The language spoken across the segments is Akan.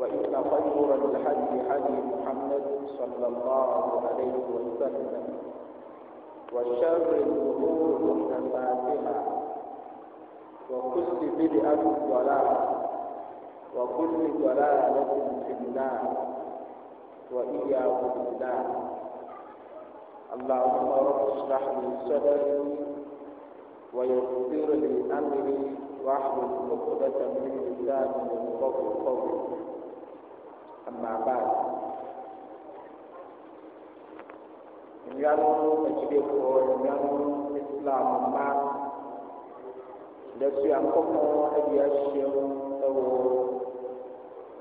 وإن خير الحج حدي محمد صلى الله عليه وسلم وشر الأمور محدثاتها وكل بدعة ضلالة وكل ضلالة في النار وإياكم بالله اللهم رب اشرح لي صدري ويسر لي أمري واحلل عقدة من من يفقهوا قولي أما بعد nyɔnu etsiko nyɔnu islam ma le sua kɔkɔ eɖi esie ewɔ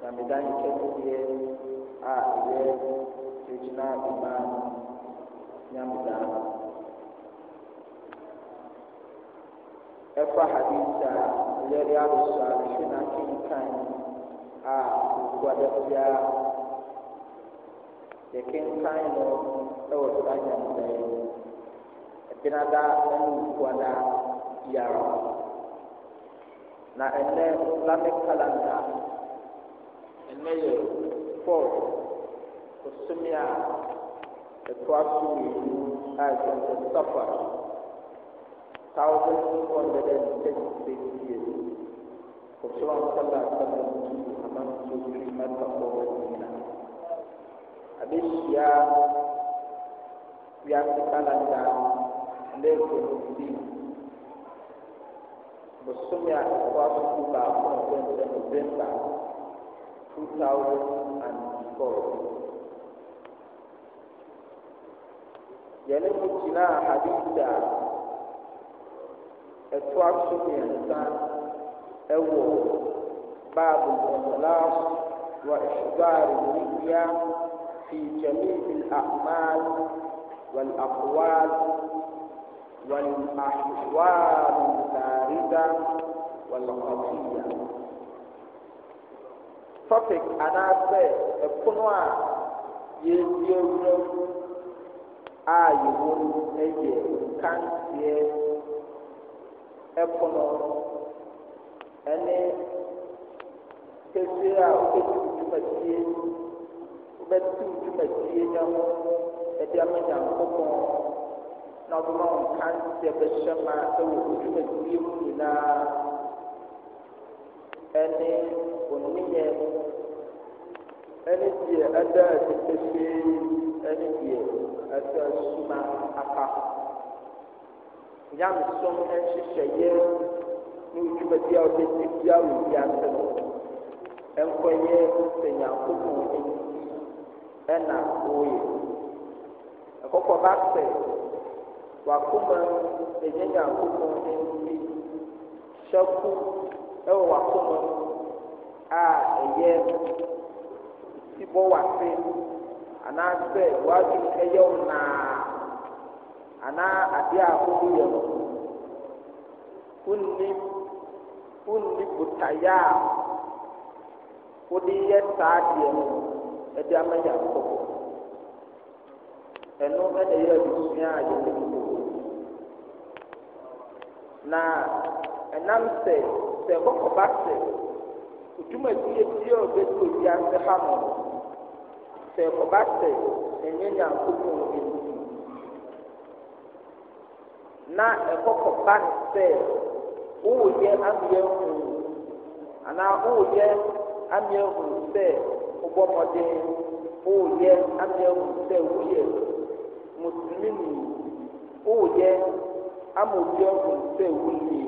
nyamida yi ke fie a ye tsitsina ima nyamida efa hadisa lɛri alusa lɛ gwadabya kenkan no ɛwɔ saa nyamsa yi ɛgyina da ɛne nkuada yara na ɛnɛ islamic calendar ɛnɛ yɛ four osomi a ɛtoa so mmienu a ɛsɛ sɛ safa thousand two hundred and thirty six years kòtò àwọn sọlá sọlá two years subhimata qawwatina abeshia byakukalanda ndeke mubi bosome a wasoko baako na ɔbɛnsɛ november two thousand and four yɛne mu gyinaa hadis a ɛtoa so mmiɛnsa ɛwɔ باب الإخلاص وإحضار النية في جميع الأعمال والأقوال والأحوال الباردة والقضية. topic anaasɛ ɛpono a yɛdi awura mu a yɛwɔ mu yɛ ɛpono ɛne kɛseɛ a wobɛtu dwumadie wobɛtu dwumadie no ho ɛde ama nyankopɔn na ɔbɛma wo nkanseɛ bɛhyɛ ma ɛwɔ wo dwumadie mu nyinaa ɛne wo nneyɛ ɛne deɛ ɛda adi pɛsɛɛ ɛne deɛ ɛsɛ suma apa nyamesom nhyehyɛeɛ ne wo dwumadie a wobɛdi bia wo wiase no nkɔyɛ nsɛnyankopɔn anim ɛna wɔyɛ ɛkɔkɔ ba sɛ wakoma ɛnyɛ nyankopɔn anim hyɛko ɛwɔ wakoma a ɛyɛ sibɔ wase anaasɛ wadwene ɛyɛ wo naa anaa adeɛ a woyɛ no wonni wonni botaeɛ a wode yɛ saa adeɛ no ɛde ama nyankopɔ ɛno ɛna yɛ adusua a yɛde mu na ɛnam sɛ sɛ ɛkɔkɔba sɛ dwumadie bia a ɔbɛdi owiase ha no sɛ ɛkɔba sɛ ɛnyɛ nyankopɔn bi na ɛkɔkɔba sɛ wowoyɛ ama yɛahu anaa wowoyɛ amị ehuru sɛ ụgbọ mmɔden ụyɛ amị ehuru sɛ wuyɛ musulmini ụyɛ ama obi ehuru sɛ wuyi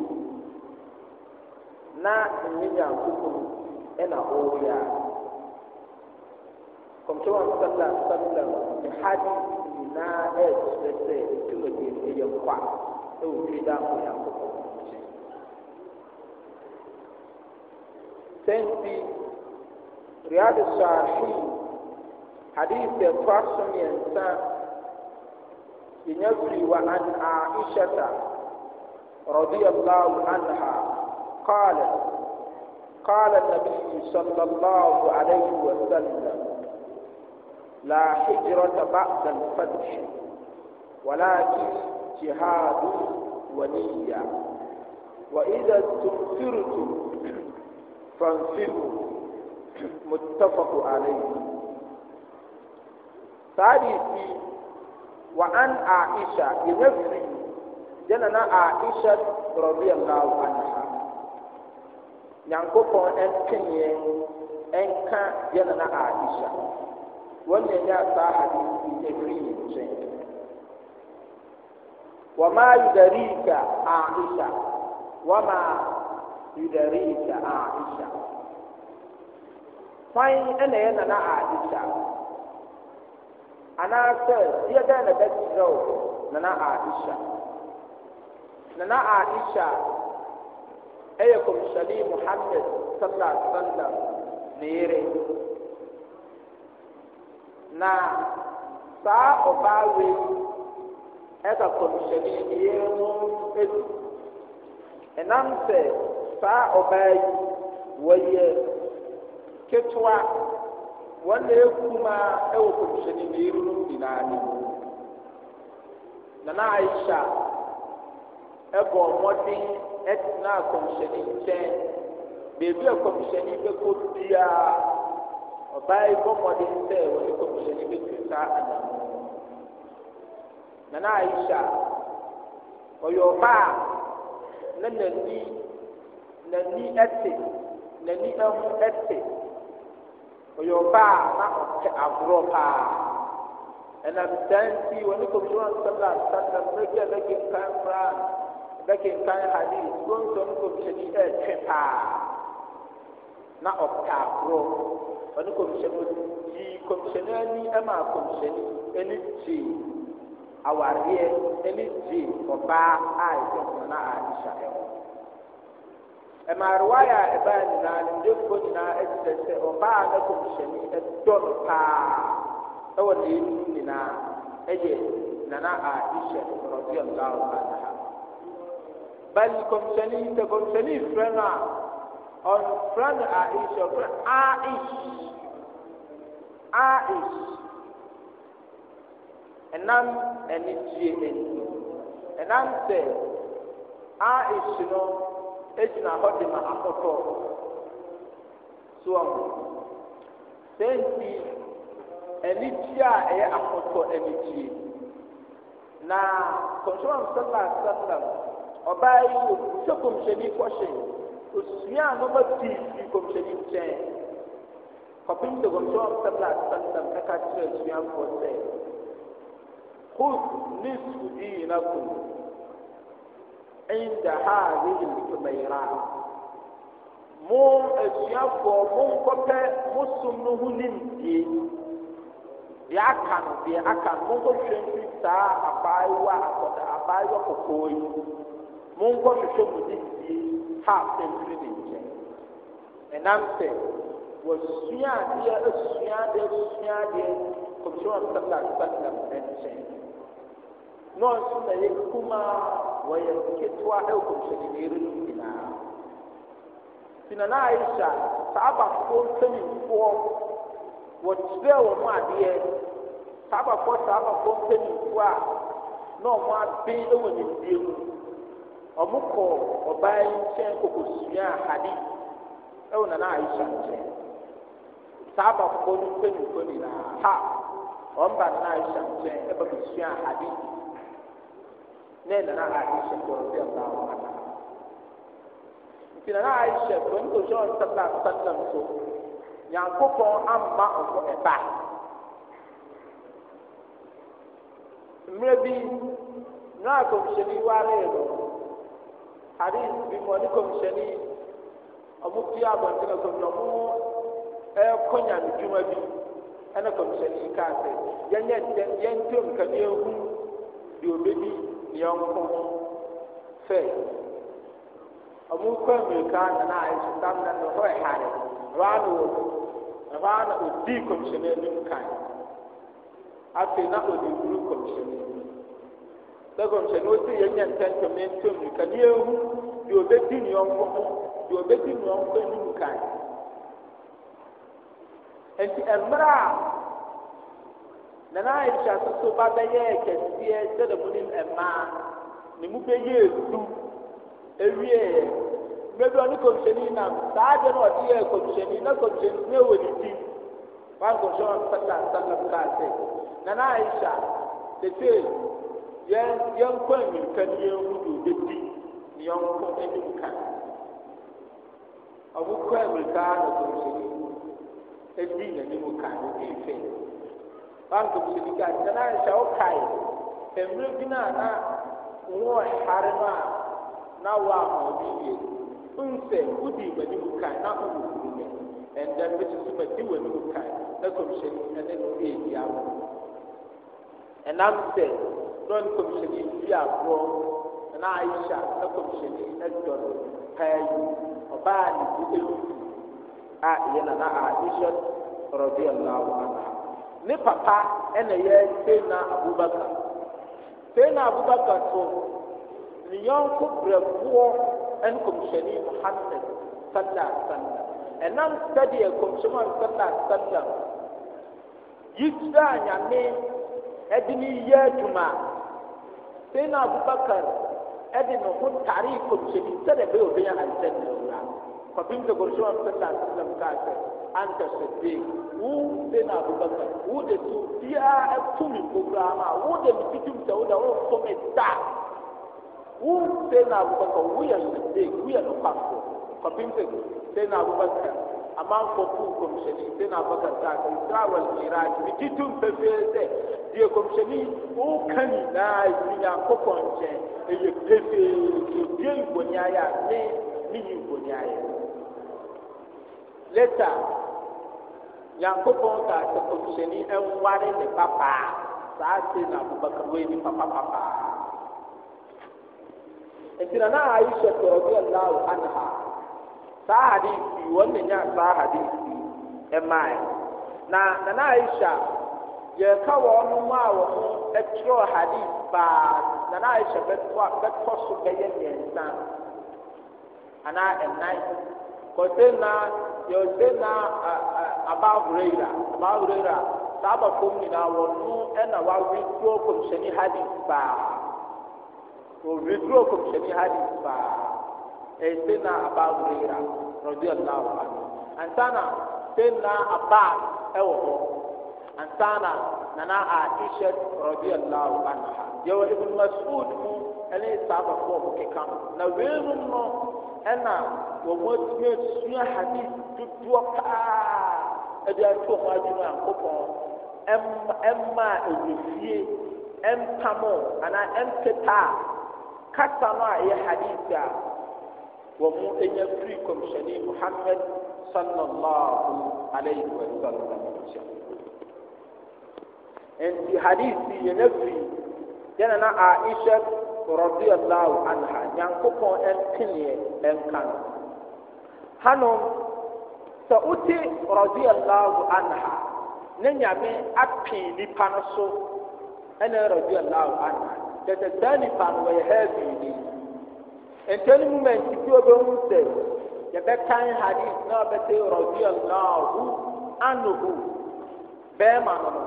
na nyenya nkuku ɛna ɔyɛ a kɔmtɛwa nsala nsala nhadi nyinaa ɛɛkyerɛ sɛ tumadi ɛyɛ nkwa ɛwɔ tiri da ahoyɛ akokɔ nkyɛn riyadu sahi hadith da kwaso mmiɛnsa yɛnya firi wa رضي الله عنها قالت قال النبي صلى الله عليه وسلم لا حجرة بعد الفتح ولكن جهاد ونية وإذا استنفرتم فانفروا muttafaqu alayhi saa de ti wa an aisha yɛnyɛ firi gyɛna na aisha radiyallahu anha nyankopɔn ɛnteneɛ ɛnka gyɛna na aisha wɔn nyɛ nyɛ saa hadisi ɛfiri yɛn nkyɛn wama yudarika aisha wama yudarika aisha Kwan na ɛyɛ nana aisha anaasɛ deɛ dɛn na bɛkyerɛ na nana Na nana aisha ɛyɛ kɔmhyɛne muhammad sallallahu alaihi ne yere na saa ɔbaa wei ɛka kɔmhyɛne ne yere no adu ɛnam sɛ saa ɔbaa yi wɔyɛ ketewa wanda ya kuma ɛwɔ kɔmhyɛni na yɛmu no nyinaa ne mu nana aisha ɛbɔ mmɔden ɛtena kɔmhyɛni nkyɛn beebi a kɔmhyɛni bɛkɔ biara ɔbaa yi bɔ mmɔden sɛ wɔde kɔmhyɛni bɛtu saa anam nana aisha ɔyɛ ɔbaa na n'ani n'ani ɛte n'ani ɛho ɛte ɔyɛ ɔbaa e na ɔpɛ agorɔ paa ɛnam dan ti wɔne kɔmhyɛn asɛm la asɛm berɛ bi a bɛkenkan koraa bɛkenkan hadis wɔnso ne kɔmhyɛni ɛretwe paa na ɔpɛ agorɔ ɔne kɔmhyɛni yi kɔmhyɛni ani ɛma kɔmhyɛni ani gye awareɛ ani gye ɔbaa a ɛsɛ ɔmo na ahyɛ ɛwɔ. ɛmaarewaya a ɛbaa nyinaa ndefo nyinaa agyidɛ sɛ ɔbaa na kɔmhyɛni ɛdɔ no paa ɛwɔ neɛnum nyinaa ɛyɛ nana aisha radiallahu ha. bal kɔmhyɛni sɛ kɔmhyɛni frɛ no a ɔmfrɛ no aisha ɔfrɛ a aish ɛnam anigye ani ɛnam sɛ aish no egyina hɔ de ma akɔtɔ so ɔmo sɛn ti anigye a ɛyɛ akɔtɔ anigye na kɔntrom sɛlɛ asɛlɛm ɔbaa yi wɔ sɛ kɔmhyɛni kɔhyɛ osua a nɔba pii fi kɔmhyɛni nkyɛn kɔpem de kɔntrom sɛlɛ asɛlɛm ɛka kyerɛ asuafoɔ sɛ hos ne sudii na kɔn inda هذه al-humayra mo asuafoɔ monkɔpɛ mosom no ho nimdie deɛ aka no deɛ aka no monkɔhwɛ mfiri saa abaayewa akɔda abaayewa kɔkɔɔ yi monkɔhwehwɛ mo nimdie haa mfiri ne nkyɛn ɛnam sɛ wɔasua adeɛ asua adeɛ asua adeɛ kɔmhyɛ wɔn sɛm sɛm ɛnkyɛn na yɛ kumaa wɔyɛ nketewa ɛwɔkɔmhyɛnideɛ no nyinaa nti na na saa wɔn adeɛ saa saa a na ɔmo abe ɛwɔ nimdeɛ mu ɔmo kɔɔ ɔbaa yi nkyɛn kɔkɔsua hade ɛwɔ na na aisha nkyɛn saa abafoɔ no nyinaa ha na na nkyɛn na nana aisha ko rabbi allah anha nti nana aisha ko nto sɛ ɔsɛlɛ sɛlɛm so nyankopɔn amma ɔkɔ ɛba mmerɛ bi na akɔmhyɛni waree no hadis bi mu ɔne kɔmhyɛni ɔmo pie abɔnten akɔmhyɛni ɔmo ɛrekɔ nyamedwuma bi ɛna kɔmhyɛni kaa sɛ yɛnyɛ dɛ yɛntwam kaneɛ hu deɛ obɛdi yɔnko sɛ ɔmo kɔ mirika nana a ɛso tam na no hɔ ɛhare ɛhɔ ano wɔ ɛhɔ o odi kɔmhyɛn anim kan afei na odi wuru kɔmhyɛn na kɔmhyɛn o ti yɛ nyɛ ntɛntɛm ne ntɛm mirika ne ehu deɛ obedi ne yɔnko ho deɛ obedi ne yɔnko anim kan nti mmerɛ a nana aisha soso ba bɛyɛ kɛseɛ sɛde mu ne mmaa ne mu bɛyɛ edu ewie mmebi ɔne kɔmhyɛni nam saa adi na ɔde yɛ kɔmhyɛni na kɔmhyɛni ne wɔ ne ti wɔn kɔmhyɛni wɔn sata sata kaase nana aisha tete yɛn yɛn kɔ emirika ne yɛn hu do bedi ne yɛn kɔ anim ka ɔmo kɔ emirika na kɔmhyɛni edi n'anim ka ne fɛ bank of sika nti na nhyɛ wo kae mmerɛ bi no a na wo hare no a na woahoɔbi yie wohu sɛ wodii m'anim kae na wowɔkuru me ɛndɛ no bɛkyɛ so madi w'anim kae na kɔmhyɛni ɛne no ɛɛdi ama ɛnam sɛ na ɔne kɔmhyɛni fi agorɔ na aisha na kɔmhyɛni ɛdɔ no paa yi ɔbaa ne bi ɛwu a ɛyɛ nana aisha rɔbi allahu anha ne papa ɛna yɛ sena abubakar sena abubakar so ne yɔnko brɛfoɔ ɛne kɔmhyɛni muhammed sallah sallah ɛnam sɛdeɛ kɔmhyɛni sallah sallah yisra nyame ɛde ne yɛ adwuma sena abubakar ɛde ne ho tare kɔmhyɛni sɛdeɛ ɛbɛyɛ ɔbɛyɛ ansɛn ne wura kɔpem sɛ kɔmhyɛni sallah sallah kaa sɛ anta sede wo de na abubakar wo de to biara ɛto mi koraa ma wo de mi titi mi sɛ wo de wo mi da wo de na abubakar wo yɛ sede wo yɛ no pafo kɔpem sɛ de na abubakar amanfo pu kɔmhyɛni de na abubakar da ka isra wɔ miraaki mi titi mi pɛpɛɛ sɛ deɛ kɔmhyɛni wo ka nyinaa yi nyankopɔ nkyɛn ɛyɛ pɛpɛɛ ebie nkonnwa yɛ a ne ne yi nkonnwa yɛ leta. nyankopɔn kaa sɛ kɔmhyɛni ne papaa saa se na abubakar wei nipa papapaa nti na na aisha tɔ radiallahu anha saa hadisi wɔn na nya saa hadisi ɛmae na na na aisha yɛka wɔn mu a wɔn ɛtwerɛ paa na na aisha bɛtɔ bɛtɔ so bɛyɛ mmiɛnsa anaa ɛnan na yɛwɔsɛ na aba huraira aba huraira saa abafom nyinaa wɔno ɛna waweduro kɔmhyɛne hadis paa wɔweduro kɔmhyɛne hadis paa ɛsɛ na aba huraira radiallahu anhu ansana sɛ na uh, aba ɛwɔ hɔ ansana nana aisha radiallahu anha yɛwɔ ibn masud mu ɛne saa abɔfoɔ a wɔkeka no na weinom no ɛna wɔn atumi asua hadis dodoɔ paa ɛde ato wɔn adwuma ankopɔn ɛmma ɛwɛfie ɛmpamo anaa ɛmpeta a kasa no a ɛyɛ hadis a wɔn anya firi kɔmhyɛne muhammed sallallahu alayhi wa sallam nti hadis yi yɛn afiri yɛn na aisha. radiallahu anha nyankopɔn ɛmpeneɛ ɛnka no hanom sɛ wote radiallahu anha ne nyame apee nnipa no so ɛne radiallahu anha kyɛ sɛ saa nnipa no wɔyɛ haavini ntɛno mu mantiti obɛhu sɛ yɛbɛkan hadis na wɔbɛsɛ radiallahu anhu bɛrima no no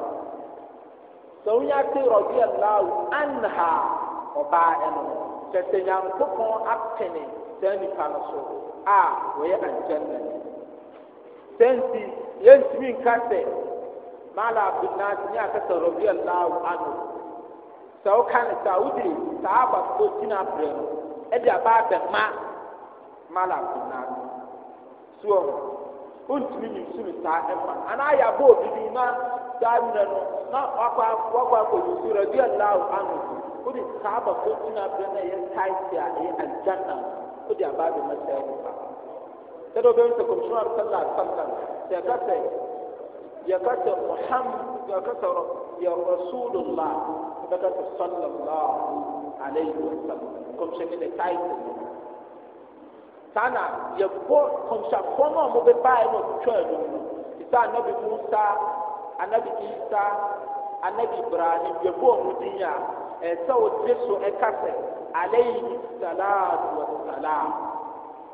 sɛ wonya te radiallahu anha ɔbaa ɛno kyɛ sɛ nyankopɔn apene saa nnipa no so a wɔyɛ agyanna ni saa nti yɛntumi nka sɛ maala abdunas ne akasa radiallahu anhu sɛ woka ne saa wode saa abafo gyina berɛ no ɛde abaa bɛma maala abdunas soɔ wontumi nyimsum saa ɛma anaa yɛabɔ obibi na saa mmerɛ no na wakɔ akɔyusu radiallahu anhu wode saa abafotuna berɛ no ɛyɛ taese a ɛyɛ aljanna wode abaa bɛ mɛsɛe ho fa sɛde wobɛhu sɛ kɔmhyɛn sala sallam sɛ yɛka sɛ yɛka sɛ muhammad yɛka sɛ yɛ rasulullah yɛbɛka sɛ sallallahu alayhi wa sallam kɔmhyɛn ne taese no saa na yɛbɔ kɔmhyɛnfoɔ no a wɔbɛbaeɛ no ɔtwitwa adum no te sɛ anabi musa anabi isa anabi ibrahim yɛbɔ ɔmo din a ɛsɛ wogye so ɛka sɛ alaihi salatu wasalam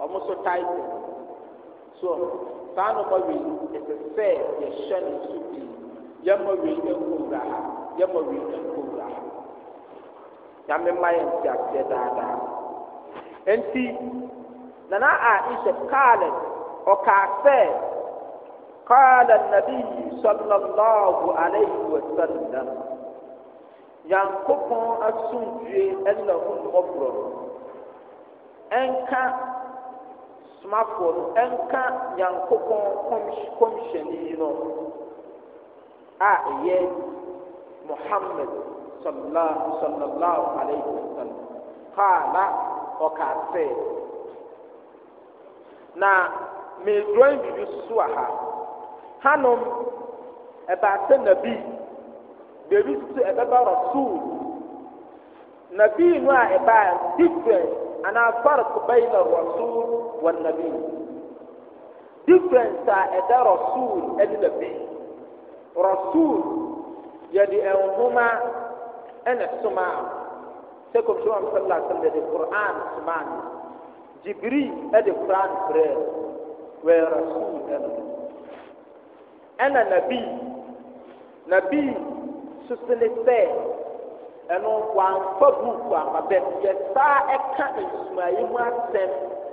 ɔmo so title so saa nnɔma wei ɛsɛ sɛ yɛhyɛ no so pii yɛma wei ankɔwura ha yɛma wei ankɔwura ha nyamema yɛ nteaseɛ daadaa enti nana aisha kaalat ɔkaa sɛ قال النبي صلى الله عليه وسلم nyankopɔn asomdwe ɛne n'ahonhommɔ borɔ no ɛnka somafoɔ no ɛnka nyankopɔn kɔmhyɛne yi no a ɛyɛ muhammad sallallahu alaihi wasallam kaala ɔkaa sɛ na meedorɔn biribi so a ha hanom ɛbaasɛ nabi baabi nso ɛbɛba rasul nabii no a ɛbaa difference anaa farq bayna rasul wa nabii difference a ɛda rasul ɛne nabii rasul yɛde nhoma ɛna soma sɛ kɔmhyɛn wa sallallahu alaihi wa sallam yɛde qur'an soma no jibril ɛde qur'an frɛ wɛɛ rasul ɛno ɛna nabii nabii susene sɛ ɛno wɔamfa buuku ama bɛm yɛsaa ɛka nsumayi mu asɛm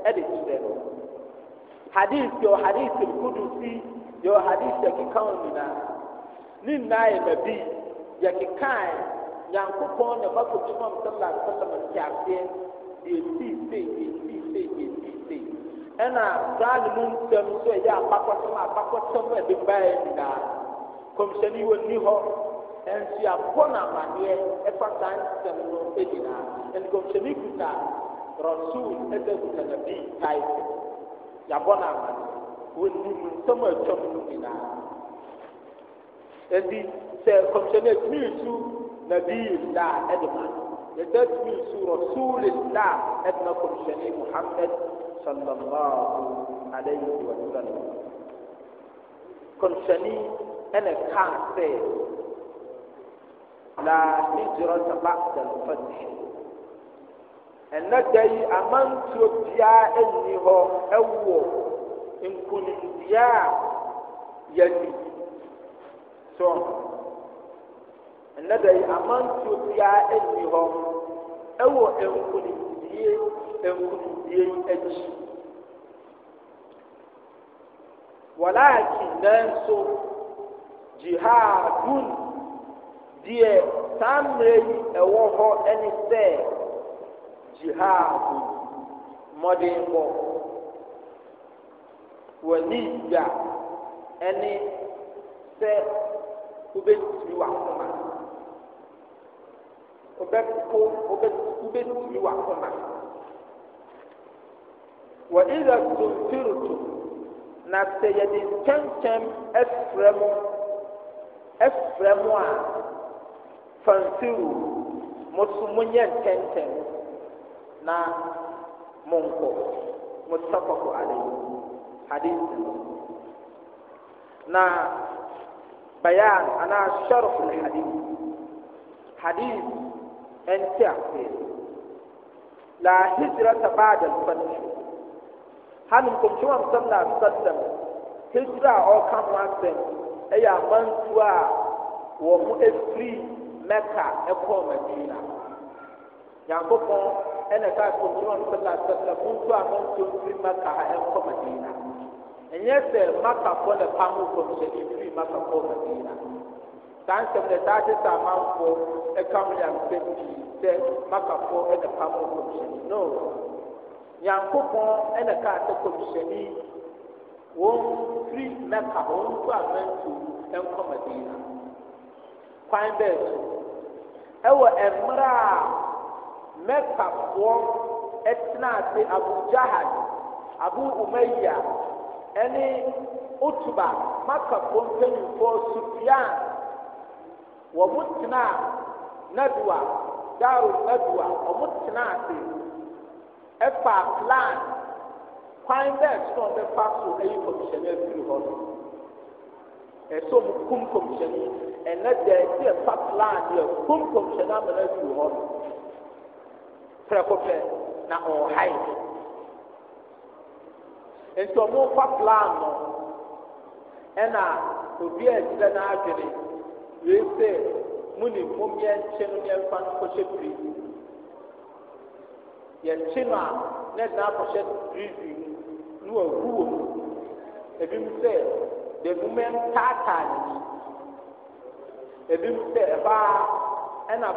ɛde kyerɛ no hadis yɛwɔ hadis si, yɛwɔ hadis yɛkeka wo nyinaa ne nyinaa yɛ nabi yɛkekae nyankopɔn na makɔtuma m sala salam nteaseɛ deɛ sii sei deɛ sii sei deɛ sii sei ɛna saa ne mu nsɛm so ɛyɛ apakɔsɛm apakɔsɛm a ɛde baeɛ nyinaa kɔmhyɛne wɔ nni hɔ ɛnso yɛabɔ no amadeɛ ɛfa saa nsɛm no nyinaa ɛnti kɔmhyɛne kuta rasul ɛsɛ eh, kuta nabi taifɛ yɛabɔ no amadeɛ wɔnim nsɛm atwam no nyinaa ɛnti sɛ kɔmhyɛne atumi resu nabi llah ɛde ma no yɛsɛ atumi resu rasul llah ɛde ma kɔmhyɛne muhammad sallallahu alayhi wa sallam kɔmhyɛne eh, ɛne kaa sɛ la hijrata ba'da al-fath ɛnna da yi amantuo biara ɛnni hɔ ɛwɔ nkunimdia a yɛni so ɛnna da yi amantuo biara ɛnni hɔ ɛwɔ nkunimdie nkunimdie akyi walaaki nanso jihadun deɛ saa mmerɛ yi ɛwɔ hɔ ne sɛ jihad mmɔdenbɔ wanidya ɛne sɛ wobɛtumi wakoma wobɛpo wobɛtumi wakoma wɔ ila tumfirtu na sɛ yɛde nkyɛnkyɛn ɛfrɛ mu ɛfrɛ mu a fansiru mo so monyɛ ntɛntɛn na monkɔ mutafaqu alayhi hadith na bayan anaa sharh hadis, Hadis, ɛnti aseɛ la hijrata ba'da alfath hanom kum am sallallahu alaihi wasallam hijra a ɔka ho asɛm ɛyɛ amantu a wɔ ho afiri mɛka ɛkɔɔ madina nyankopɔn ɛna kaa kɔmkyerɛ no sala sala montu a monto mfiri mɛka ha ɛnkɔ madina ɛnyɛ sɛ makafoɔ ne pa ho kɔmhyɛne mfiri makakɔɔ madina saa nsɛm ne saa te sɛ amanfoɔ ɛka ho yamsɛ pii sɛ makafoɔ ɛne pa ho kɔmhyɛne no nyankopɔn ɛna kaa sɛ kɔmhyɛne wɔn firi mɛka wɔn ntu a mantu ɛnkɔ madina kwan bɛɛ so ɛwɔ ɛmmerɛ a mɛkafoɔ ɛtena ase abujahad abu umaya ɛne utuba makafoɔ mpanyinfoɔ sufian Wɔn mo tena nadua daaru nadua ɔmo tena ase ɛfa plan kwan bɛɛ so a ɔbɛfa so ayi kɔmhyɛnni afiri hɔ no ɛsɛ ɔmo kum kɔmhyɛni ɛnɛ deɛ ɛsi ɛfa plan deɛ kum kɔmhyɛni ama no afiri hɔ no prɛko pɛ na ɔɔhae nti ɔmo fa plan no ɛna obi a ɛkyerɛ n'adwene wei sɛ mo ne mo mmea nkyɛn no ne mfa no kɔhyɛ piri yɛnkye no a ne dan akɔhyɛ piri piri mu ne wɔ mu ebi mu sɛ the women taataa ne bi ebi sɛ ɛbaa ɛna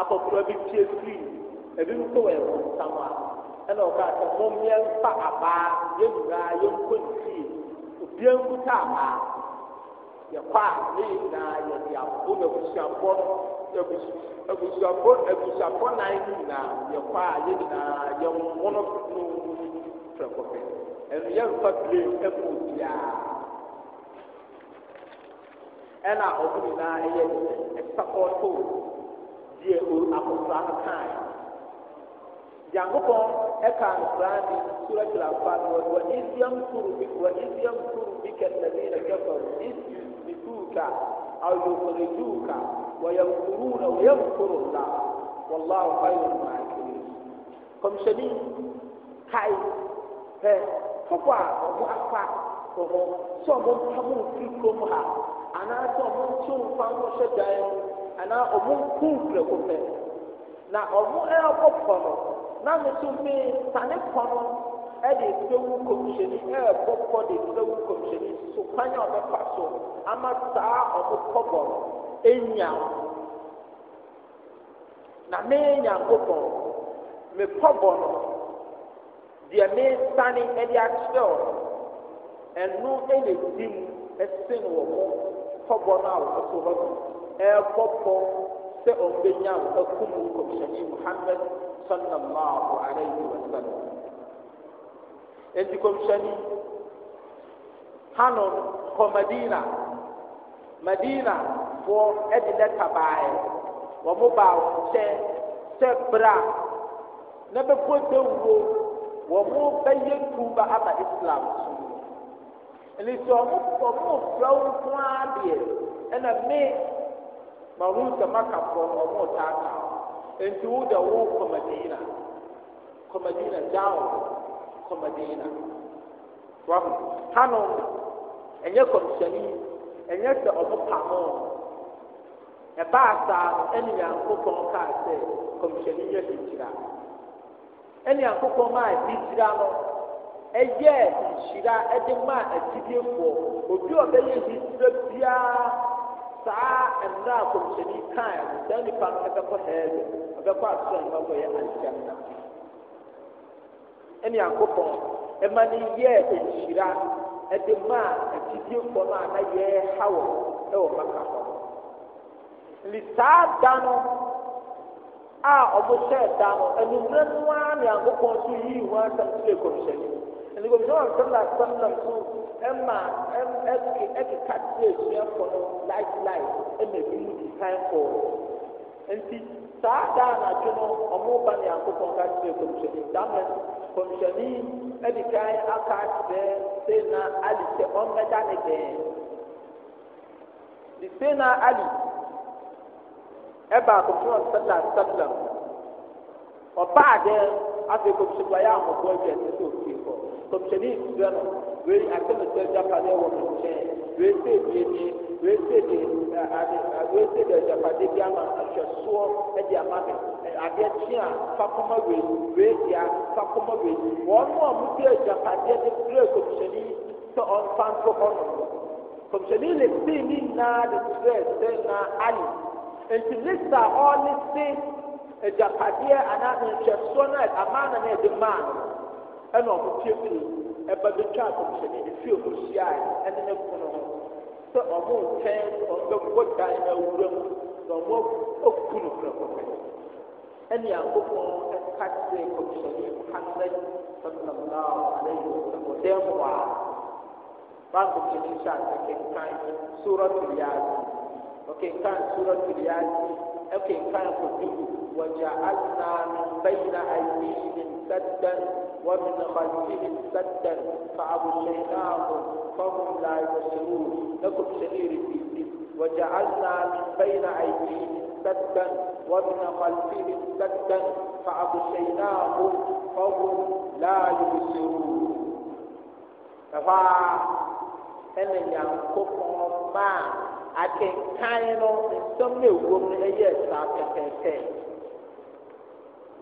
akɔkora bi pie firi ebi nso wɔ ɛbɔnsam a ɛna ɔka sɛ mo mmiɛnfa abaa yɛn nyinaa yɛn nkɔ nsie obiara nkuta abaa yɛkɔ a ne nyinaa yɛde abo na abusuafo abusuafo abusuafo nan no nyinaa yɛkɔ a yɛn nyinaa yɛn wɔn no fɛ kɔfɛ ɛnu yɛn nfa pie ɛfɔ obiara ɛna ɔmo nyinaa ɛyɛ ɛsapɔtɔ deɛ o akɔsra no kan yankopɔn ɛka nkora ne sura kilafa no wɔ isiam kuru bi wɔ isiam kuru bi kɛntɛbi na kɛfɛw isi bi tuuka aw yɔkɔre tuuka wɔyɛ kuru na wɔyɛ kuru la wɔlaa wɔn ayɛ wɔn akiri kɔmhyɛni kae pɛ fofo a ɔmo afa wɔn sɛ ɔmo ntamu firi kurom ha anaasɛ ɔmo nto mfa nkohyɛ dan mu anaa ɔmo nko mfirako pɛ na ɔmo ɛrekɔ pɔ no na me so mee sane pɔ no ɛde fɛwu kɔmhyɛni ɛrebɔ pɔ de fɛwu kɔmhyɛni so kwan a ɔbɛfa so ama saa ɔmo kɔbɔ no enya na mee nyankopɔn me kɔbɔ no deɛ mee sane ɛde akyerɛ ɔno ɛno ɛyɛ dim ɛsen wɔ ho tɔbɔ no a wɔkɔto hɔ no ɛɛbɔbɔ sɛ ɔmbɛnya wɔkum kɔmhyɛne muhammad sallallahu alaihi wasallam enti kɔmhyɛne hanom kɔ madina madina foɔ ɛde lɛta baeɛ wɔ mo baa wɔ nkyɛn sɛ berɛ a na bɛbɔ dawuro wɔ mo bɛyɛ tuba aba islam so ɛne sɛ ɔmo ɔmofra wo nko ara deɛ ɛna ma wo nsɛm akafoɔ ɔmo taaka enti wo da wo kɔ madina kɔ madina gyaa wo ɛnyɛ kɔmhyɛni ɛnyɛ sɛ ɔmo pamo ɛbaa saa no ɛne kaa sɛ kɔmhyɛni yɛ hegyira ɛne nyankopɔn maa hegyira no ɛyɛ nhyira ɛde ma agyidiefoɔ obi a ɔbɛyɛ nhyira biara saa mmerɛ a kɔmhyɛni kae no saa nnipa no ɛbɛkɔ hɛɛdo ɔbɛkɔ asoro a nnipa yɛ ahyɛm na ɛne akopɔn ɛma no yɛ nhyira ɛde ma agyidiefoɔ no a na yɛɛ ha wɔ ɛwɔ maka hɔ nti saa da no a ɔmohyɛɛ da no anummerɛ no ara ne akopɔn so yii ho asɛm kyerɛ kɔmhyɛni ẹnìkan bí sọ́wọ́n sọ́lá sọ́lá tó ẹ ma ẹ ẹ kì ẹ kì ká tí èsù ẹ kọ no láìsí láì ẹ ma ebi mu di sáyẹn kọ nti saa daa n'adwo no ɔmo ba ne akokɔ nka kyerɛ kɔmhyɛni dame kɔmhyɛni ɛdi kan aka kyerɛ sei na ali sɛ ɔmmɛda ne dɛɛ di sei na ali ɛba akokɔ sɛla sɛla ɔbaa dɛ afei kɔmhyɛni wɔyɛ ahodoɔ yɛ ɛsɛ sɛ ofie kɔ kɔmhyɛni sua no wei asɛm sɛ agyapadeɛ wɔ no nkyɛn wei sɛ die ni wei sɛ de ade wei sɛ de agyapadeɛ bi ama ahwɛsoɔ de ama me adeɛ kye uh, a fa kɔma wei wei dea fa kɔma wei wɔn a wɔde agyapadeɛ de brɛ kɔmhyɛni sɛ ɔmfa nto hɔnom no kɔmhyɛni ne se ne nyinaa de kyerɛ sɛ na ali nti lisa a ɔne se agyapadeɛ anaa nhwɛsoɔ no a amaana no ɛde maa ɛna ɔmo tie fi ɛba bi twa akɔmhyɛni efi ɔmo hyia ɛne ne kunu ho sɛ ɔmo nkyɛn ɔmo bɛ bɔ dan na awura mu na ɔmo aku no kura kɔkɛ ɛne akokɔn ɛka kyerɛ kɔmhyɛni muhammed sallallahu alayhi wa sallam dɛm hɔ a banko kyɛni hyɛ ase kenkan sora tuli ase ɔkenkan sora tuli ase ɛkenkan kɔ dugu. وجعلنا من بين أيديهم سدا ومن خلفهم سدا فأغشيناهم فهم لا يبصرون لكم شهير في وجعلنا من بين أيديهم سدا ومن خلفهم سدا فأغشيناهم فهم لا يبصرون ɛhɔ a ɛna nyankopɔn maa akenkan no nsɛm no ɛwɔ mu no ɛyɛ saa pɛpɛpɛ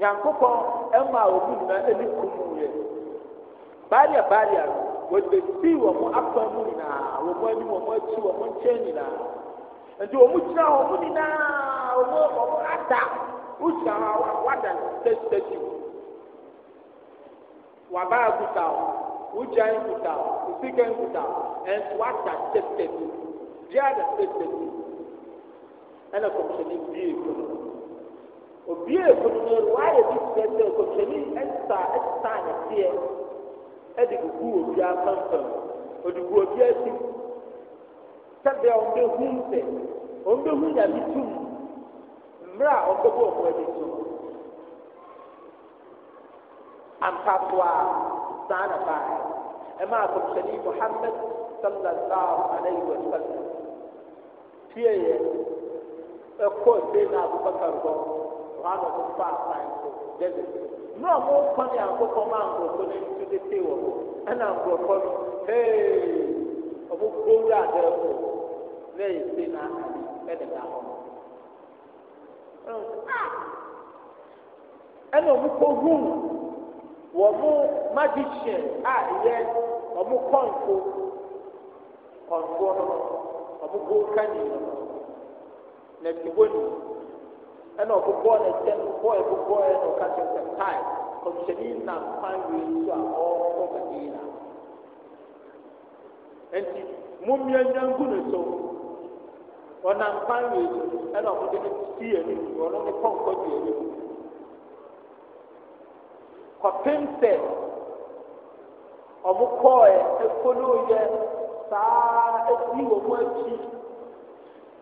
nyankopɔn ɛmaa wɔn nyinaa ɛne kum yɛ baariya baariya no wɔde sii wɔn afa mu nyinaa wɔn anim wɔn akyi wɔn nkyɛn nyinaa nti wɔn gyina wɔn nyinaa wɔn wɔn ada wogyina hɔ a wada tɛtɛtɛ wabaa kuta hɔ wogyan kuta hɔ osikan kuta hɔ ɛnso wada tɛtɛtɛ gyaa da tɛtɛtɛ ɛna kɔmhyɛnni bie kɔnɔ. obiaa konuno ruwaya bi sɛ sɛ kɔtwani sa saa neteɛ ɛde gugu wɔ biaa ɔde gu obiaa tim sɛdeɛ ɔmbɛhum sɛ ɔmbɛhu nyame tum mmerɛ a ɔmbɛbɔ ɔ ho so ampapo a saa na baa ɛmaa kɔmhyɛne mohammad sallallahu alaihi wasallam fieeɛ ɛkɔɔ sei na abubakar hɔ wàhálà ọ̀dọ̀ fà àfàn so dẹ́bi mmerɛ ɔmo kɔ ne akokɔ ma nkorɔfo ne nso de te wɔ hɔ ɛna nkorɔfo no hee ɔmo gbowura adɛɛ ko na yɛ se na ɛde da hɔ ɛna ɔmo kɔ hum wɔ mo magician a ɛyɛ ɔmo kɔnfo kɔnfo no ɔmo gbowura ne yɛ ɛna ɔbobɔɔ ne kyɛn bɔɔɛ bobɔɔɛ na ɔka kyerɛ sɛ pae kɔmhyɛni nam kwan wei so a ɔrekɔ madina nti mommia nya ngu ne so ɔnam kwan so ɛna ne ɔno ne pɔnkɔ kɔpem sɛ ɔmo kɔɔɛ saa esi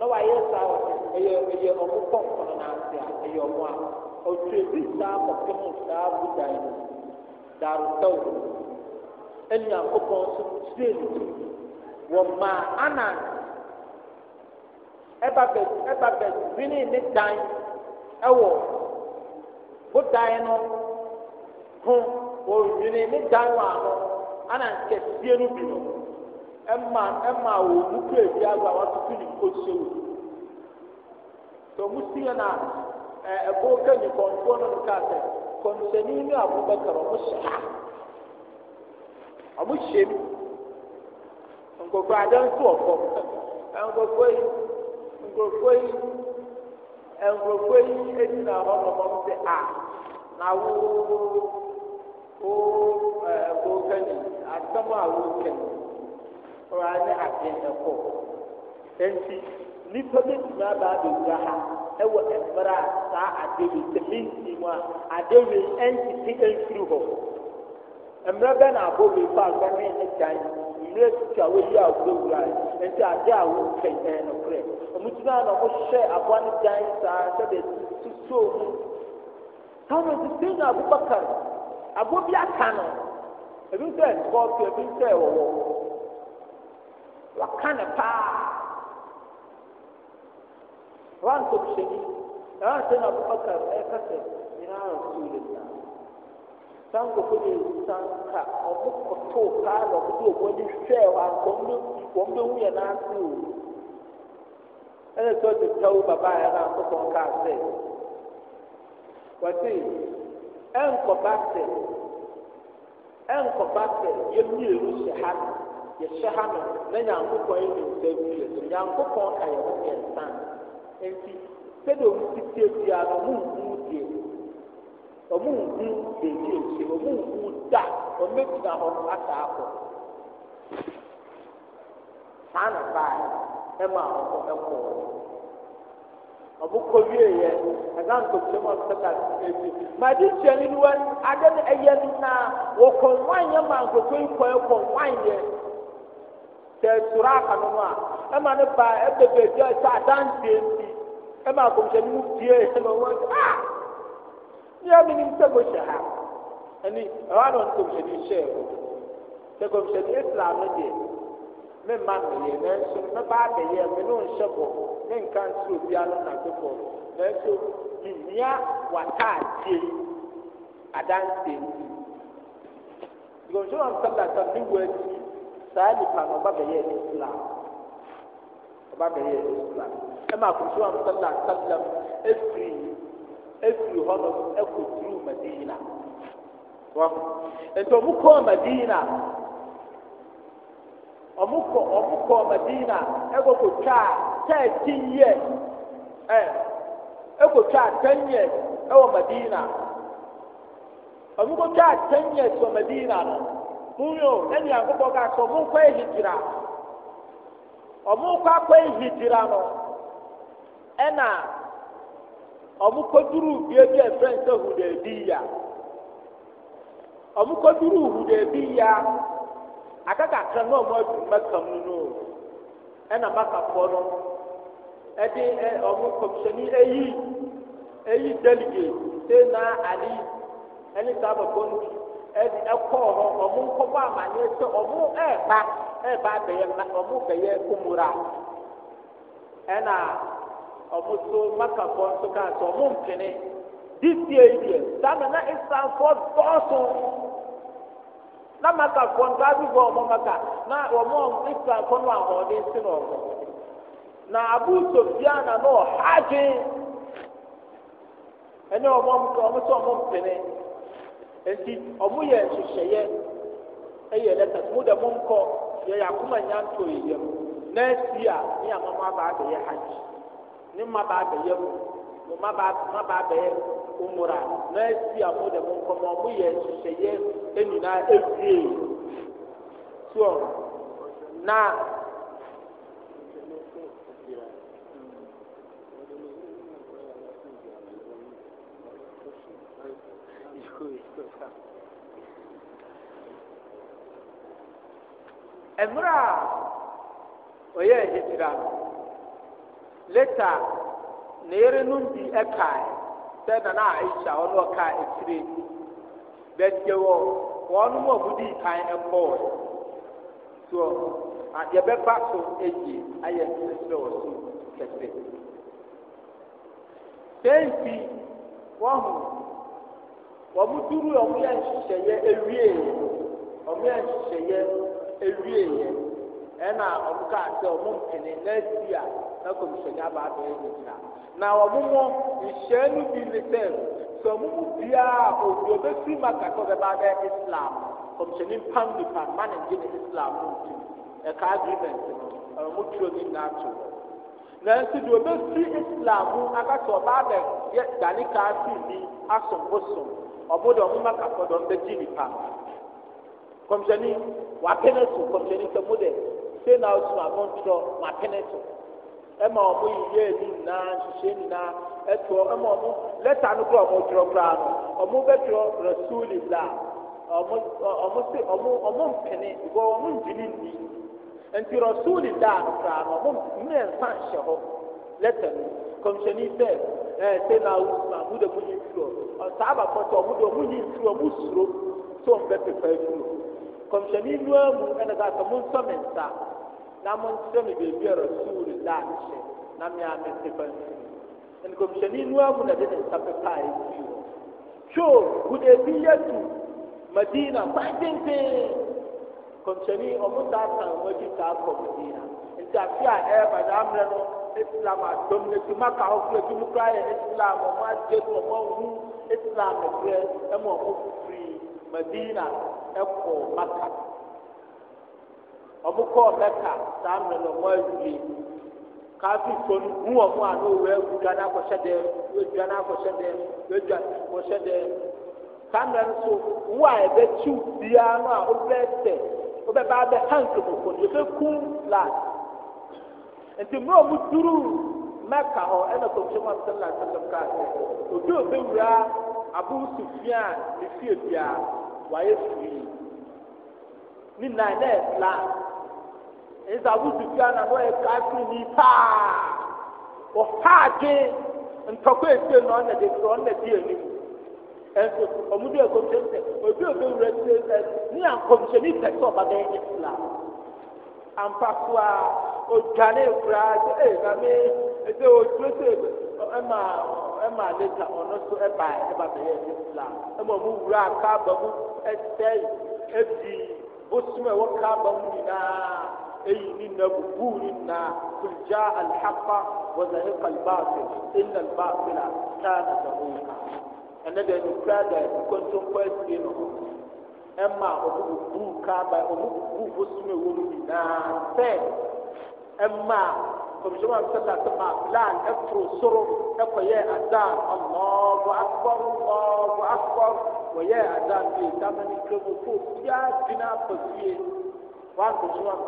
na wayɛ saa wɔ ɛyɛ ɛyɛ ɔmo n'ase a ɛyɛ ɔmo a ɔtwe bi saa kɔkɛ mu saa budan no darosaw ɛne akokɔn so tire ne ti wɔ mmaa anan ɛba bɛ ɛba bɛ dan no ho ne dan wɔ ano kɛseɛ ɛma ɛma wɔ mu kura bi agorɔ a wɔatoto ne nkɔsuo wɔ si na ɛbo ka nipɔnfoɔ no no kaa sɛ kɔnsɛni ne abobakar hyɛ ha ɔmo hyɛ mu nso wɔ fam nkurɔfoɔ yi nkurɔfoɔ yi nkurɔfoɔ yi egyina hɔ sɛ a na asɛm a koraa ne adeɛ ɛkɔ nti nnipa bɛtumi aba abɛwura ha ɛwɔ mmerɛ a saa adeɛ yi sɛmenti mu a adeɛ yi ɛntete ɛmfiri hɔ mmerɛ bɛ na abɔ wei fa akɔne agyan mmerɛ tutu a wɔyi a wɔbɛwura yi nti adeɛ a wɔnfɛn ɛn no korɛ ɔmogyina na ɔmohyɛ aboa no gyan saa sɛdeɛ susoo mu kano ti sɛ na abobakar aboɔ bi aka no ebi sɛ ɛkɔɔto ebi sɛ ɛwɔwɔ waka ne paa wanto kushani ɛwɔ sɛ na abubakar ɛka sɛ nyinaa rasulillah saa nkɔfo de san ka ɔmo kɔtoo paa na ɔmo de ɔmo ani hwɛɛ hɔ anka ɔmo wɔn bɛhu yɛn n'ase o ɛna sɛ ɔde tɛw baba yɛ na nkɔfo nkaa sɛ wɔte ɛnkɔba sɛ ɛnkɔba sɛ yɛ mmienu hyɛ ha no yɛhyɛ ha no na nyankopɔn ɛnim sɛ bie so nyankopɔn ka yɛ ho yɛnsa enti sɛdeɛ ɔmu sitie biaa no ɔmonhuu die ɔmonhuu deedi akyi ɔmonhuu da ɔmmɛgyina hɔ no asaa kɔ saa na bae ɛma ɔkɔ ɛna ɛyɛ wɔkɔ ma yi kɔ ɛkɔ sɛ soro aka no no a ɛma ne ba ɛbɛ baabi a ɛsɛ adanseɛ nti ɛma akɔmhyɛni mu pie ɛma wɔn sɛ ah nea mi nim sɛ mohyɛ ha ɛni ɛhɔ ano ne kɔmhyɛni hyɛɛ hɔ sɛ kɔmhyɛni islam no deɛ me mma meyɛ nanso me ba abɛyɛ me ne nhyɛ bɔ ne nka nso obia no nase bɔ nanso mihia wataadeɛ yi adanseɛ nti kɔmhyɛni wɔn sɛ lasam ne wɔ akyi saa nipa no ɔba bɛyɛ islam ɔba bɛyɛ islam ɛma akoto amsala asalam efiri efiri hɔnom ɛkɔ madina wɔho nti ɔmo kɔɔ madina ɔmo kɔ madina ɛkɔ kotwa madina ɔmo madina uyo ɛne nyankopɔn ka sɛ ɔmonkɔ ɛhigyira ɔmonkɔ akɔ ɛhigyira no ɛna ɔmokɔduruu bie bi a ɛfrɛ sɛ hudaabiyya ɔmokɔduruu hudaabiyya akakakra no ɔmo adu makam no ɛna no ɔmo eyi na ɛkɔɔ hɔ ɔmo nkɔbɔ amanneɛ sɛ ɔmo ɛɛba ɛɛba bɛyɛ na ɔmo bɛyɛ umura ɛna ɔmo so makafoɔ nso kaa sɛ ɔmo mpene disie saa na islamfoɔ dɔɔso na makafoɔ nso adi bɔ ɔmo maka na ɔmo islamfoɔ no ahoɔden si na ɔmo na abu sofia na no ɛne ɔmo ɔmo nti ɔmo yɛ nhyehyɛeɛ ɛyɛ letters mo de mo nkɔ yɛyɛ akoma nya nto yɛ mu na esi a ne ama mo aba abɛyɛ hajj ne mo aba abɛyɛ mo mo mo aba mo aba abɛyɛ umura na a mo de mo nkɔ mo ɔmo yɛ nhyehyɛeɛ ɛnyinaa ewie so na. Good. mmerɛ a ɔyɛɛ hijira no leta ne yerenom bi ɛkae sɛ nana aisha ɔno ɔkaa akyire bɛtie wɔ mu a mudii kan ɛkɔɔ so a yɛbɛba so ɛyie ayɛ nsɛsrɛ wɔ so kɛse sɛnti wɔho wɔn duru a wɔyɛ nhyehyɛeɛ ewie wɔn yɛ nhyehyɛeɛ ewie yɛ ɛna ɔmo ka sɛ ɔmo mpene n'asi a na kɔmhyɛni aba abɛɛ ne gyina na ɔmo mo nhyɛn no bi ne sɛ sɛ ɔmo mo biara a obi obɛfiri mu akasa ɔbɛba abɛɛ islam kɔmhyɛni mpam nipa mma ne gye ne islam no nti ɛka agreement no ɔmo turo ne nyinaa to hɔ nanso deɛ obɛfiri islam mu akasa ɔba abɛɛ yɛ dane kaa fi ni asom bosom ɔmo de ɔmo ma kakɔ de ɔmo bɛgye nipa kɔmhyɛni wa so kɔmhyɛni sɛ mo dɛ se na so amontorɔ ma so ɛma ɔmo yiyɛ ni nyinaa nhyehyɛ nyinaa ɛtoɔ ɛma ɔmo lɛta no kora ɔmo twerɛ koraa no ɔmo bɛtwerɛ rasuli la ɔmo ɔmo se ɔmo ɔmo mpɛnɛ bɔ ɔmo ntini nni nti rasuli la no koraa no ɔmo mmiɛnsa nhyɛ hɔ lɛta no kɔmhyɛni sɛ ɛɛ sei na so ɔmo de mo yi nsuo saa abakɔtɔ ɔmo de ɔmo yi nsuo ɔmo suro so ɔmo bɛ pepa nsuo kɔmhyɛni no amu ɛna sɛ sɛ monsɔ me nsa na monkyerɛ me baabi a rasulillah hyɛ na mea mepepa nsu ɛne kɔmhyɛni no amu na de ne nsa pepaa ɛfii hɔ two hudabiyatu madina kwan tenten kɔmhyɛni ɔmo saa san wɔgyi saa kɔ madina nti afe a ɛɛba saa mmerɛ no islam adɔm no ti maka hɔ kura bi kura yɛ islam ɔmo agye ɔmo ahu islam ɛbrɛ ɛma ɔmo firi madina ɛkɔ maka ɔmo kɔɔ mɛka saa mmerɛ no ɔmo awie kaafifoɔ no hu wɔn a no wɔn dɛm dɛm dɛm saa so a ɛbɛkyiw biara no a wobɛsɛ wobɛba abɛha nkromofo no yɛbɛkum flat nti mmerɛ a moduruu mɛka hɔ ɛna na kaa obi a ɔbɛwura a ne fie biara wayɛ firi ne nan na ɛfla nsa wusu fia na no yɛ kafiri ni paa ɔhaagye ntɔkwa efie na ɔna de ɔna di anim ɛnso ɔmo de ɛkɔmhyɛn sɛ obi a ɔbɛwura tire sɛ ne akɔmhyɛn ni pɛsɛ ɔba bɛyɛ ɛfla ampakoa odwane kura sɛ ɛyɛ na me ɛsɛ otuo sɛ ɛma ɛma leta ɔno nso ɛbae ɛba bɛyɛ islam ɛma ɔmo wura kaaba mu ɛsɛe ɛdi bosom ɛwɔ kaaba mu nyinaa ɛyi ne nna bubuu ne nyinaa kul jaa alhaqa wa zahiqa albatil inna albatila kana zahuqa ɛnɛ deɛ nokura da nkontompo asie no ho ɛma ɔmo bubuu kaaba ɔmo bubuu bosom ɛwɔ mu nyinaa sɛ ɛma كمشوان سلا تقع فلان افرو سرو افا يا اذان الله اكبر الله اكبر ويا اذان في زمن كبفوف يا بنا فزيه وان كمشوان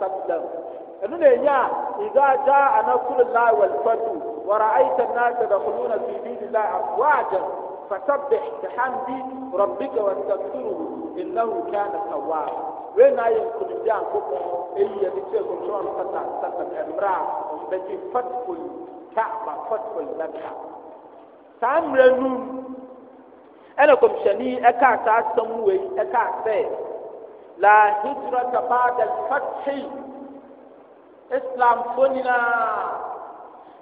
تقدم انو يا اذا جاء نصر الله والفتو ورأيت الناس يدخلون في دين الله افواجا فسبح بحمد ربك واستغفره innahu kana tawwab wei na ayɛ nkonimdi a nkopɔn ayi yɛ de kyerɛ kɔmhyɛ wɔn fata sasa mmerɛ a ɔmbɛgye fatful kaaba fatful mɛka saa mmerɛ no ɛna kɔmhyɛni ɛkaa saa asɛm wei ɛkaa sɛ la hijrata ba'da al-fathi islamfoɔ nyinaa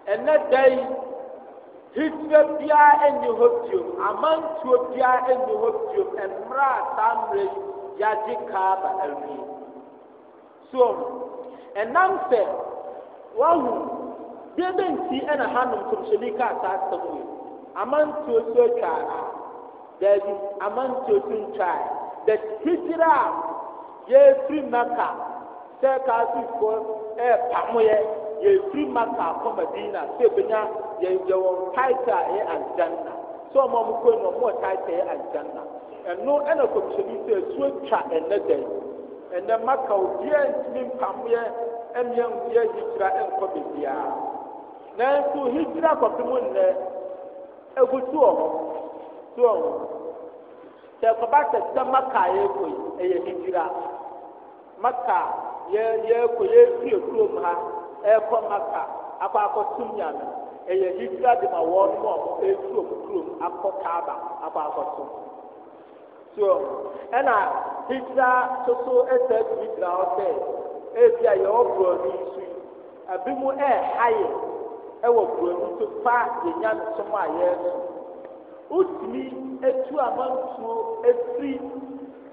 ɛnɛ da yi hijira biara ɛnyɛ hɔ bio amantuo biara ɛnyɛ hɔ bio mmerɛ a saa mmerɛ yi yɛagye kaaba awie so ɛnam sɛ wahu deɛ bɛnti ɛna hanom kɔmhyɛni kaa saa asɛm yi amantuo so atwa anaa daabi amantuo so ntwae the hijira a yɛfiri maka sɛ kaa so foɔ ɛɛpa e mo yɛ yɛfiri maka akɔ madina sɛ ɛbɛnya yɛwɔ taita a ɛyɛ aljanna sɛ ɔma ɔmo kɔ no ɔmo wɔ taita ɛyɛ aljanna ɛno ɛna kɔmhyɛni sɛ ɛsuo twa ɛnɛ dɛn ɛnɛ maka obiara ntumi mpamoyɛ ɛmyɛ nyɛ hijira ɛnkɔ bebiara nanso hijira kɔpem nnɛ egu so wɔ hɔ so wɔ hɔ sɛ kɔba sɛ sɛ maka a yɛkɔ yi ɛyɛ hijira maka yɛ yɛkɔ yɛfiri ekurom ha ɛrekɔ maka akɔ akɔtum nyame ɛyɛ hijira de ma wɔn mu e e e a ɛtu ɔmo kurom akɔ kaaba akɔ akɔtum so ɛna hijira soso ɛsɛ tumi gyina hɔ sɛ ebi a yɛwɔ buroni nso yi ebi mu ɛɛha yɛ ɛwɔ buroni nso fa yɛ nyame som a yɛreso wotumi etu amantuo efiri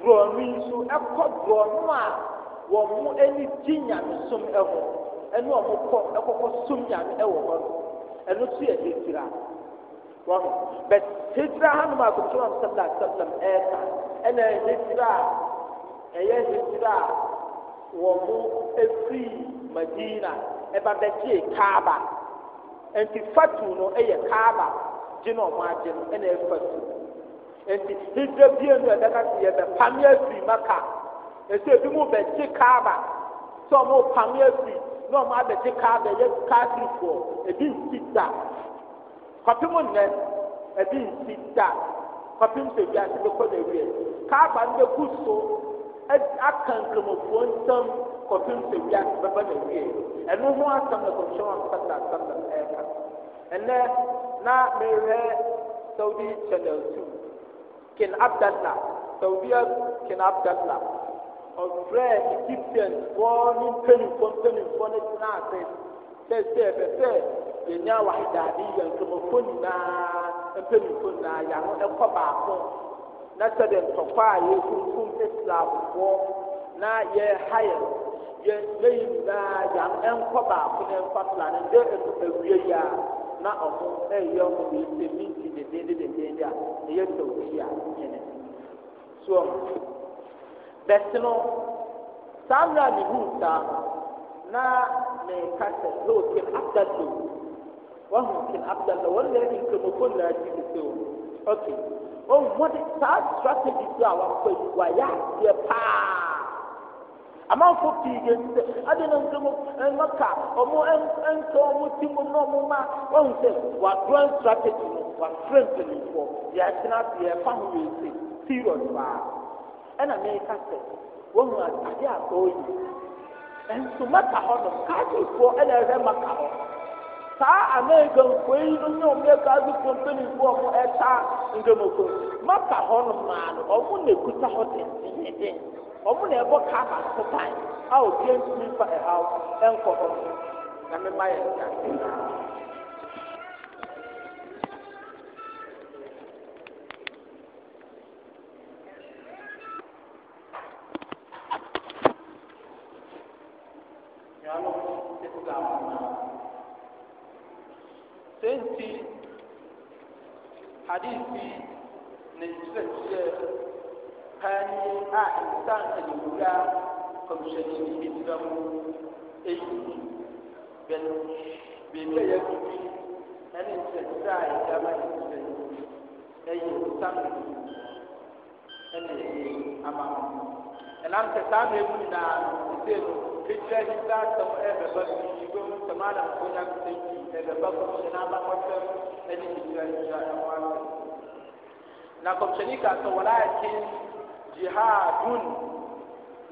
buroni nso ɛkɔ buroni a wɔn mu ani gye nyame som ɛho. ɛne ɔmo kɔ ɛkɔkɔ som nyame ɛwɔ hɔ no ɛno nso yɛ hijira wɔho but hijira hanom a kɔmtwom am sallam sallam ɛɛka ɛna hijira a ɛyɛ hijira a wɔ mo ɛfiri madina ɛba bɛgyee kaaba nti fatu no ɛyɛ kaaba gye na ɔmo agye no ɛna ɛfatu nti hijira bie no ɛbɛka sɛ yɛbɛpam afiri maka ɛsɛ ebi mu bɛgye kaaba sɛ ɔmo pam afiri na ɔmo abɛgye kaa bɛyɛ kaa kirifoɔ ebi nsi da kɔpem nnɛ ebi nsi da kɔpem sɛ ebi ase bɛkɔ na ewie kaa ba no bɛku so aka nkramofoɔ nsɛm kɔpem sɛ ebi ase bɛba na ewie ɛno ho asɛm na kɔmhyɛn wɔn asɛm na asɛm na ɛɛka ɛnɛ na mehwɛ saudi channel two ken abdallah saudiya ken abdallah ɔfrɛ egyptianfoɔ e e e ne mpanimfoɔ mpanimfoɔ no tena ase sɛ sɛ ɛfɛ sɛ yɛnya wahidaade yɛ ntomofoɔ nyinaa mpanimfoɔ nyinaa yɛano ɛkɔ baako na sɛdeɛ ntɔkwa a yɛkunkum islamfoɔ na yɛha yɛn yɛyi nyinaa yɛano ɛnkɔ baako na ɛmfa plane dɛ awie yi a na ɔmo ɛyɛ ɔmo yɛ sɛ minti dedendedendende a ɛyɛ sɛ obi a ɛne soɔ bɛsono saa mmerɛ a saa na meka sɛ na ɔkem abdallo wahu kem abdallo wɔn na ɛne nkramofoɔ na gyi ne sɛ ok wɔde saa strategy so a wafa yi wayɛ adeɛ paa amanfoɔ pii yɛ sɛ ade no nkramof ɛmaka ɔmo ɛnka ɔmo ti mu na ɔmo ma wahu sɛ wadrɔn strategy no wafrɛ mpanimfoɔ deɛ akyena ho yɛ paa ɛna mɛka sɛ wɔhu ade a ɔreyi nso mɛka hɔ nom kaakifoɔ ɛna ɛhwɛ maka hɔ saa amerikanfoɔ yi no ne ɔmo ɛka bi fo mpanimfoɔ ɔmo ɛta ngamako maka hɔ maa no ɔmo na ekuta hɔ denden den ɔmo na ɛbɔ kaba so a obi ntumi fa ɛhaw ɛnkɔ hɔ na mɛma yɛ biribi a yɛtutu ɛne nsɛnsa a yɛde ama ne nsɛn ɛyɛ nsame ɛna ɛyɛ ama ho ɛnam sɛ saa na ebu nyinaa no ɛsɛ no kekyia nyita asɛm ɛbɛba bi gbɛm nsɛm a nam konya kuta yi ɛbɛba kɔm hyɛ n'abakɔsɛm ɛne kekyia nyita ɛho asɛm na kɔmhyɛni ka sɛ wɔn a yɛkye jihadun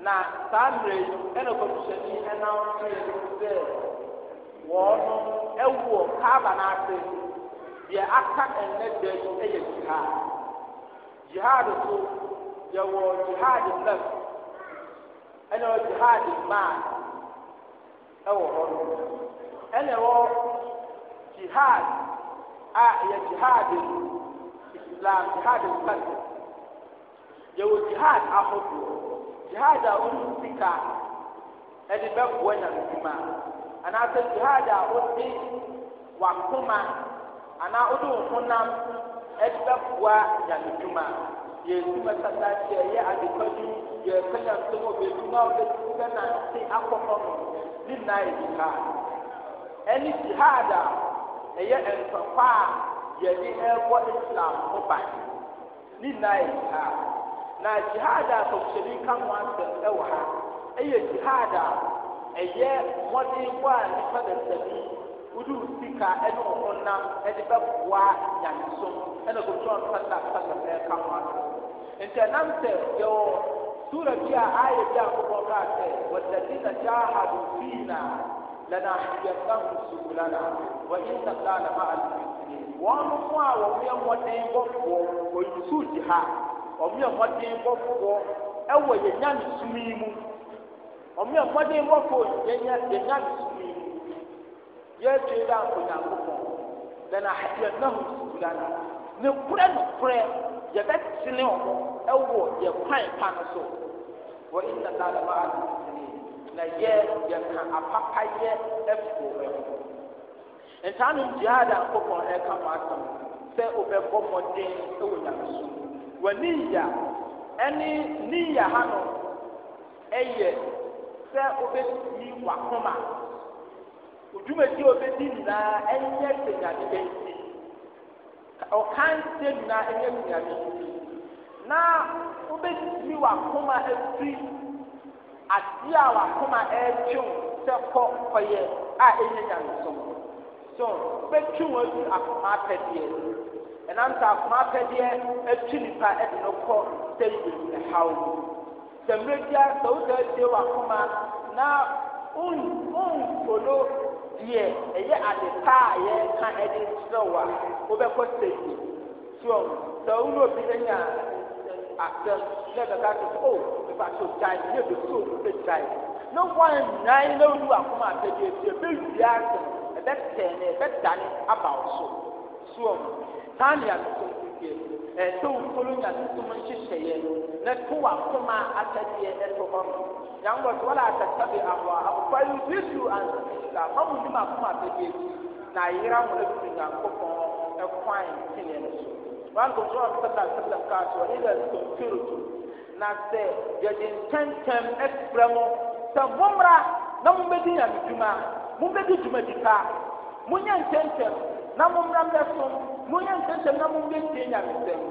na saa mmerɛ yi ɛna kɔmhyɛni ɛnam so yɛ wɔno ɛwɔ kaaba ase deɛ aka ɛnnɛ da yi jihad jihad so yɛwɔ jihad nafs ɛna wɔ jihad mmaa ɛwɔ hɔ no ɛna jihad a ɛyɛ jihad islam jihad nafs yɛwɔ jihad ahodoɔ jihad a wɔn sika ɛde anaasɛ jihad a wode wakoma anaa wode wo honam ɛde bɛboa nyamedwuma yɛduma sasa kyɛ ɛyɛ adepa dwu yɛpɛ nyamsɛm a bɛduma a wobɛtumi bɛnante akɔ hɔ no ne nyinaa yɛ jihad ɛne jihad a ɛyɛ ntɔkwa a yɛde ɛrebɔ islam ho ban ne nyinaa yɛ jihad na jihad a sɔhyɛni ka ho asɛm ɛwɔ ha ɛyɛ jihad a ɛyɛ mmɔden bɔ a nipa da sɛbi wodu sika ɛne wo ho nam ɛde bɛboa nyamesom ɛna kotura mpata mpata ɛka ho ano nti ɛnam sɛ yɛwɔ sura bi a ayɛ bi a kɔkɔ kaa sɛ wɔdadina jahadu fiina lanahyɛnnahu subulana wa inna allaha ma'a al-muslimin wɔn ho a wɔn yɛ mmɔden bɔfoɔ wɔn nsu gyi ha wɔn yɛ mmɔden bɔfoɔ ɛwɔ yɛn nyamesum yi mu ɔmo ɛmɔden bɔfo yɛnya yɛnya bisimi yɛtwe dɛ akɔnyankopɔn dɛn ahyɛnaho sukudana ne korɛ no korɛ yɛbɛtene ɔmo ɛwɔ yɛ kwan pa no so wɔ inna lala ma ala muslimin na yɛ yɛka apapayɛ ɛfi wɔ ɛmo ntaa no gyaa dɛ akɔpɔn ɛka mo asɛm sɛ wobɛbɔ mmɔden ɛwɔ nyamesom wɔ ne yia ɛne ne yia ha no sɛ wobɛtumi wakoma odwumadi a wobɛdi nyinaa ɛnyɛ sɛ nyame bɛnti ɔkan sɛ nyinaa ɛnyɛ sɛ nyame nti na wobɛtumi wakoma afiri adeɛ a wakoma ɛretwew sɛ kɔ kɔyɛ a ɛnyɛ nyame som so wobɛtwe wɔn afiri akoma apɛdeɛ ɛnam sɛ akoma apɛdeɛ atwi nipa ɛde no kɔ sɛ yɛ dɛmmerɛ bia sɛ wodaa sie wakoma na nkolo deɛ ɛyɛ ade pa a yɛka ɛde nkyerɛ wo a wobɛkɔ sɛdi sio sɛ wone obi anya asɛm na ɛbɛka sɛ o mepatɛ gyae ne bɛsuo mu bɛgyae ne woannan na wonu wakoma apɛdeɛ sie bɛwia asɛm ɛbɛtɛɛ ne ɛbɛdane aba wo so sio saa nea nso ɛsɛ nkolo nyasusum nhyehyɛeɛ na to wakoma akadeɛ ɛto hɔ no yankɔso wala akatabi ahoa akofa yi yesu ansisa mamu nim akoma abɛbi akyi na ayera mo afiri nyankopɔn ɛkwan teneɛ no so wankɔso a sɛla sɛla kaa so ɔne da stomfiritu na sɛ yɛde ntɛntɛm ɛfrɛ mo sɛ mommra na mommɛdi nyame dwuma mommɛdi dwuma di paa monyɛ ntɛntɛm na mommra mmɛsom monyɛ nkyɛnkyɛn na mombɛsie nyame nsɛm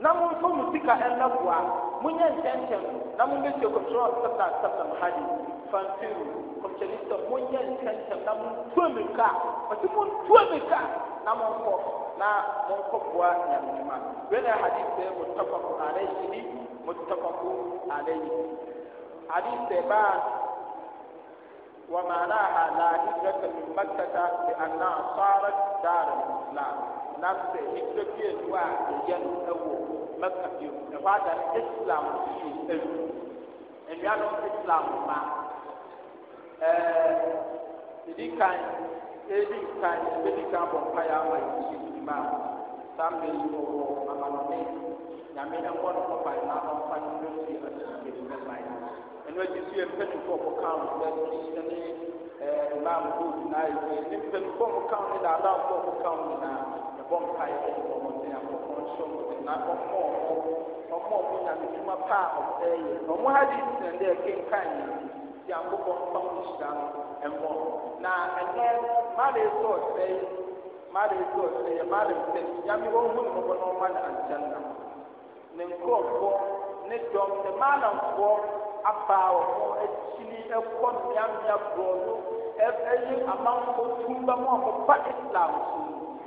na momfa mo sika ɛnnɛboa monyɛ nkyɛnkyɛn na mombɛsie kɔmhyɛrɛ ɔsɛsa sɛsɛm hade fantiru kɔmhyɛne sɛ monyɛ nkyɛnkyɛn na montua mirika ɔte montua mirika na monkɔ na monkɔboa nyame dwuma wei na hadis sɛ mutafako alayhi mutafako alayhi hadis sɛ baa ومعناها لا هجرة من مكة لأنها صارت دار الإسلام نفس هجرة يجوا ين أو مكة يوم هذا الإسلام في إنيانو إسلام ما إذا كان إذا كان إذا كان بمحيا ما يجي ما سامي يوم أمامه نعمل أمور ما بينا أمور ما يجي أسمع بينا ɛnu akyi nso yɛ mpanyinfoɔ a wɔka ho bɛnkyi ne ɛɛ imam gold nyinaa yɛ fɛ ne mpanyinfoɔ a wɔka ho ne daadanfoɔ a wɔka ho nyinaa yɛbɔ mpa yɛ ɛyɛ wɔn ho sɛn akɔkɔ nso wɔn ho na ɔmo ɔmo ɔmo ɔmo nyame dwuma paa ɔmo ɛyɛ ɔmo ha de ti sɛn dɛ kenkan yɛ ti akokɔ mpa ho hyira no ɛmɔ na ɛnɛ mmadu esɔ ɔsɛ yi mmadu esɔ ɔsɛ yɛ mmadu nsɛm nyame wɔn ho ne ɔmo na ɔmo ana nkyɛn na ne nkorɔfoɔ ne dɔm ne mmanamfoɔ abaa wɔ hɔ akyini eh, ɛkɔ eh, mmeammea borɔno eh, ɛyi amanfo tumba mu a wɔba islam so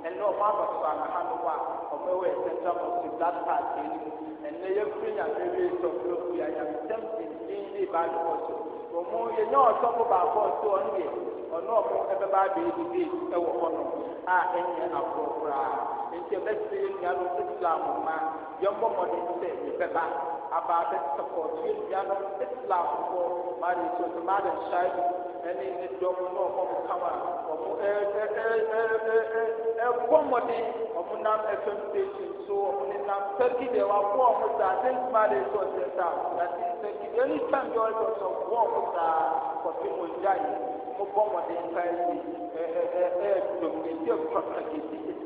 ɛnna wɔn abɛso anaha no hɔ a wɔbɛwɔ ɛsɛnta mɔsi black card anim ɛnna yɛfiri nyame wie sɛ fi anyame ntɛm tenten ne ba ne hɔ so wɔn yɛnyɛ ɔsɔfo baako ɔso ɔno yɛ ɔno ɔmo ɛbɛba e, abɛyɛ debate ɛwɔ e, hɔ no a ɛnyɛ e, agorɔ koraa nti ɛbɛsi yɛn nua no islam ma yɛn bɔ mɔden sɛ ɛbɛba abaabɛ kɔkɔɔkye dua no islamfoɔ maade so so maade nhyɛn ɛne ne dɔm na ɔmo kama ɔmo ɛɛ ɛɛ ɛɛ ɛɛ ɛbɔ mmɔden ɔmo nam fm station so ɔmo ne nam sɛki deɛ wabɔ ɔmo saa ne maade so ɔsɛ saa nati sɛki deɛ ne time deɛ ɔyɛ sɔsɔ bɔ ɔmo saa kɔfi mo gya yi mo bɔ mmɔden kaa yi ɛɛ ɛɛ ɛɛ dɔm ne ti ɛkura kakete.